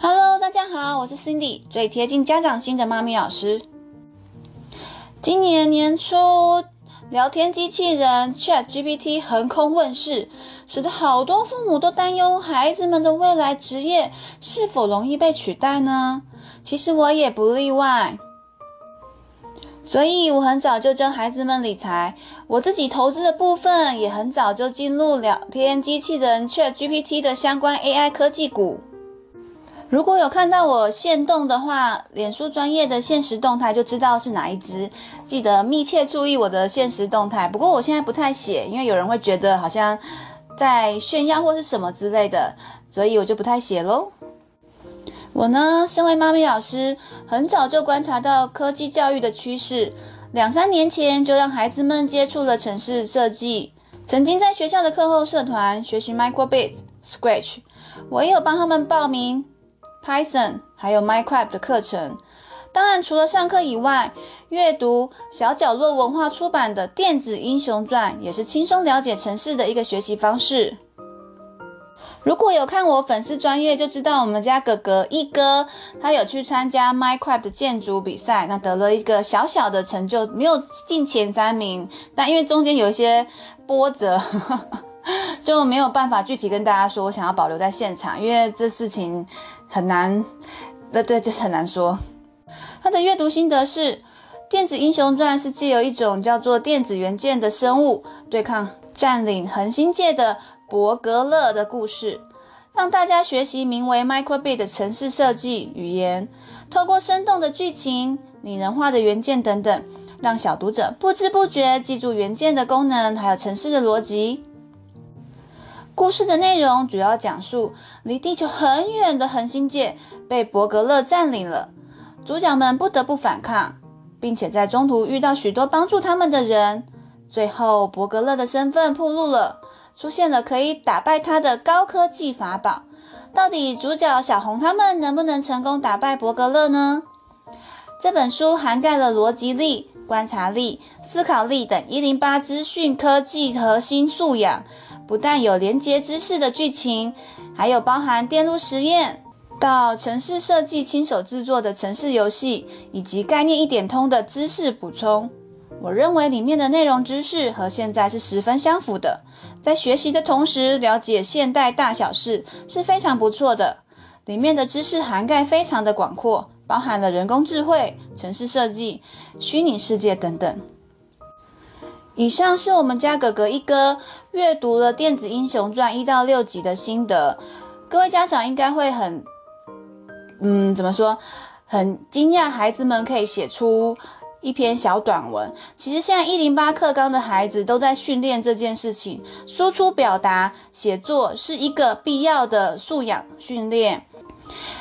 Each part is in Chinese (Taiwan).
哈嘍，大家好，我是 Cindy，最貼近家長心的媽咪老師。今年年初，聊天機器人 ChatGPT 橫空問世，使得好多父母都擔憂孩子們的未來職業是否容易被取代呢？其實我也不例外，所以我很早就教孩子們理財，我自己投資的部分也很早就進入聊天機器人 ChatGPT 的相關 AI 科技股。如果有看到我限動的話，臉書專業的限時動態就知道是哪一隻。記得密切注意我的限時動態。不過我現在不太寫，因為有人會覺得好像在炫耀或是什麼之類的，所以我就不太寫咯。我呢，身為媽咪老師，很早就觀察到科技教育的趨勢，兩三年前就讓孩子們接觸了程式設計，曾經在學校的課後社團學習 Microbit、Scratch，我也有幫他們報名。Python 還有 Minecraft 的課程，當然除了上課以外，閱讀小角落文化出版的《電子英雄傳》也是輕鬆了解程式的一個學習方式。如果有看我粉絲專頁，就知道我們家哥哥一哥，他有去參加 Minecraft 的建築比賽，那得了一個小小的成就，沒有進前三名。但因為中間有一些波折， 就沒有辦法具體跟大家說。我想要保留在現場，因為這事情。很難，那對，對就是很難說。他的閱讀心得是，《電子英雄傳》是藉由一種叫做電子元件的生物對抗佔領恆星界的柏格勒的故事，讓大家學習名為 micro:bit 的程式設計語言。透過生動的劇情、擬人化的元件等等，讓小讀者不知不覺記住元件的功能，還有程式的邏輯。故事的內容主要講述，離地球很遠的恆星界被柏格勒佔領了，主角們不得不反抗，並且在中途遇到許多幫助他們的人。最後，柏格勒的身份暴露了，出現了可以打敗他的高科技法寶。到底主角小紅他們能不能成功打敗柏格勒呢？這本書涵蓋了邏輯力、觀察力、思考力等一零八資訊科技核心素養。不但有連接知識的劇情，還有包含電路實驗、到程式設計、親手製作的程式遊戲，以及概念一點通的知識補充。我認為裡面的內容知識和現在是十分相符的，在學習的同時了解現代大小事是非常不錯的。裡面的知識涵蓋非常的廣闊，包含了人工智慧、程式設計、虛擬世界等等。以上是我們家哥哥一哥閱讀了《電子英雄傳》一到六集的心得。各位家長應該會很，嗯，怎麼說，很驚訝，孩子們可以寫出一篇小短文。其實現在108課綱的孩子都在訓練這件事情，輸出表達寫作是一個必要的素養訓練。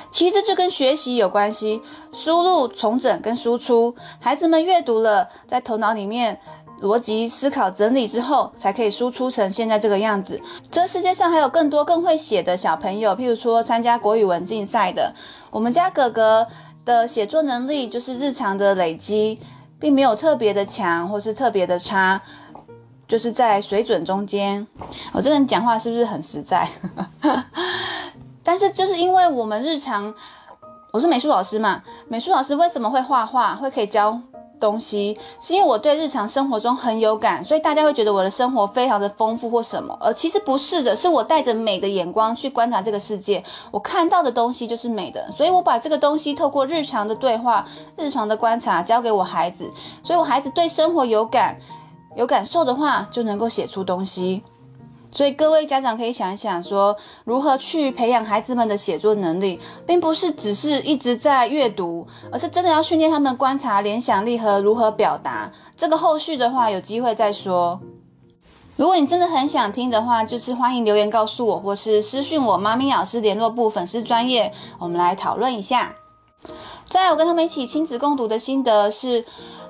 其實這就跟學習有關係，輸入、重整跟輸出，孩子們閱讀了，在頭腦裡面。邏輯思考整理之後，才可以輸出成現在這個樣子。這個、世界上還有更多更會寫的小朋友，譬如說參加國語文競賽的。我們家哥哥的寫作能力就是日常的累積，並沒有特別的強，或是特別的差，就是在水準中間。我、哦、這個人講話是不是很實在？ 但是就是因為我們日常，我是美術老師嘛，美術老師為什麼會畫畫，會可以教？東西是因為我對日常生活中很有感，所以大家會覺得我的生活非常的豐富或什麼，而其實不是的，是我帶着美的眼光去觀察這個世界，我看到的東西就是美的，所以我把這個東西透過日常的對話、日常的觀察交給我孩子，所以我孩子對生活有感、有感受的話，就能夠寫出東西。所以各位家長可以想一想說，如何去培養孩子們的寫作能力，並不是只是一直在閱讀，而是真的要訓練他們觀察、聯想力和如何表達。這個後續的話，有機會再說。如果你真的很想聽的話，就是歡迎留言告訴我，或是私訊我媽咪老師聯絡簿粉絲專頁，我們來討論一下。再來我跟他們一起親子共讀的心得是。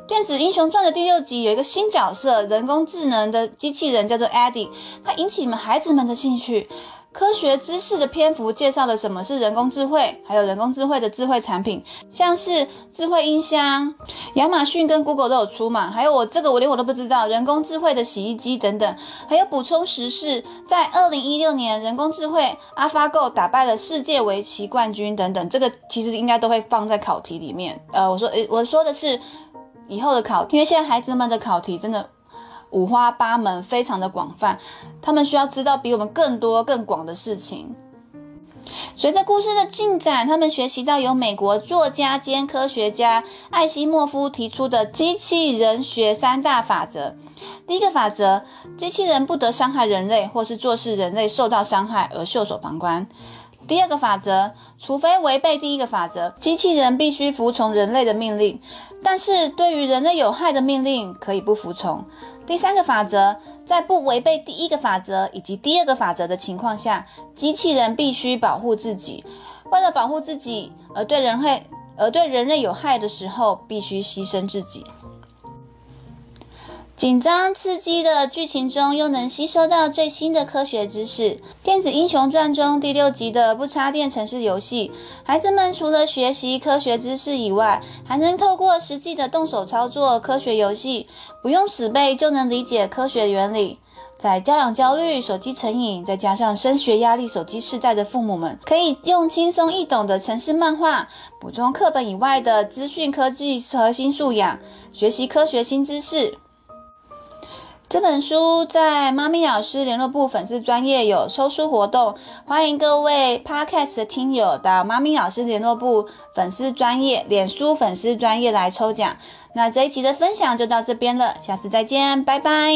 《電子英雄傳》的第六集有一個新角色，人工智能的機器人叫做 Eddie，它引起你們孩子們的興趣。科學知識的篇幅介紹了什麼是人工智慧，還有人工智慧的智慧產品，像是智慧音箱，亞馬遜跟 Google 都有出嘛。還有我這個我連我都不知道，人工智慧的洗衣機等等。還有補充時事，在二零一六年，人工智慧 AlphaGo 打敗了世界圍棋冠軍等等。這個其實應該都會放在考題裡面。呃，我說，誒，我說的是。以後的考題，因為現在孩子們的考題真的五花八門，非常的廣泛，他們需要知道比我們更多更廣的事情。隨着故事的進展，他們學習到由美國作家兼科學家艾希莫夫提出的機器人學三大法則：第一個法則，機器人不得傷害人類，或是坐視人類受到傷害而袖手旁觀。第二個法則，除非違背第一個法則，機器人必須服從人類的命令。但是，對於人類有害的命令，可以不服從。第三個法則，在不違背第一個法則以及第二個法則的情況下，機器人必須保護自己。為了保護自己而對人而對人類有害的時候，必須犧牲自己。緊張刺激的劇情中，又能吸收到最新的科學知識。《電子英雄傳》中第六集的“不插電程式遊戲”，孩子們除了學習科學知識以外，還能透過實際的動手操作科學遊戲，不用死背就能理解科學原理。在教養焦慮、手機成癮，再加上升學壓力、手機世代的父母們，可以用輕鬆易懂的程式漫畫，補充課本以外的資訊科技核心素養，學習科學新知識。這本書在媽咪老師聯絡簿粉絲專頁有抽書活動，歡迎各位 Podcast 的聽友到媽咪老師聯絡簿粉絲專頁、臉書粉絲專頁來抽獎。那這一集的分享就到這邊了，下次再見，拜拜。